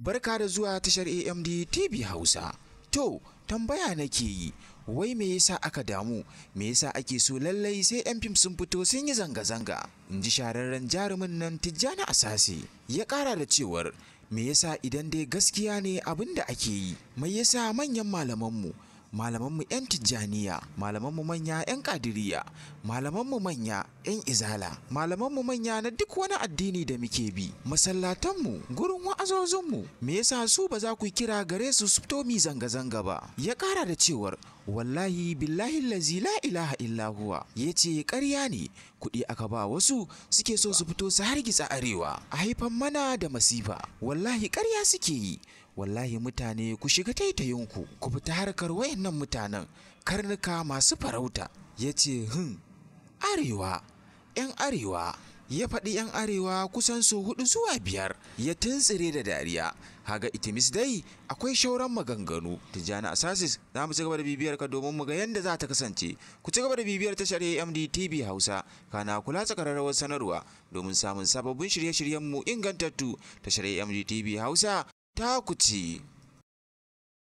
Barka da zuwa tashar AMD TV Hausa. To, tambaya nake yi, wai me yasa aka damu? Me yasa ake so lallai sai 'yan fim sun fito sun yi zanga-zanga? In ji shararren jarumin nan Tijjani Asasi. Ya ƙara da cewar, me yasa idan dai gaskiya ne abin da ake yi? Me yasa manyan malamanmu malamanmu 'yan tijjaniya malamanmu manya 'yan kadiriya malamanmu manya 'yan izala malamanmu manya na duk wani addini da muke bi masallatanmu gurin wa'azozinmu me yasa su ba za ku kira gare su su zanga-zanga ba ya ƙara da cewar wallahi billahi lazi la ilaha illahuwa ya ce ƙarya ne kuɗi aka ba wasu suke so su fito su hargitsa arewa a haifan mana da masifa wallahi karya suke yi wallahi mutane ku shiga taitayinku ku fita harkar wayannan mutanen karnuka masu farauta ya ce hin arewa 'yan arewa ya faɗi 'yan arewa kusan su hudu zuwa biyar ya tuntsire da dariya haga itimis dai akwai shauran maganganu tijjani asasis za mu ci gaba da bibiyar ka domin mu ga yadda za ta kasance ku ci gaba da bibiyar tashar amd tv hausa kana kula ta kararrawar sanarwa domin samun sababbin shirye-shiryen mu ingantattu tashar amd tv hausa ta ku ci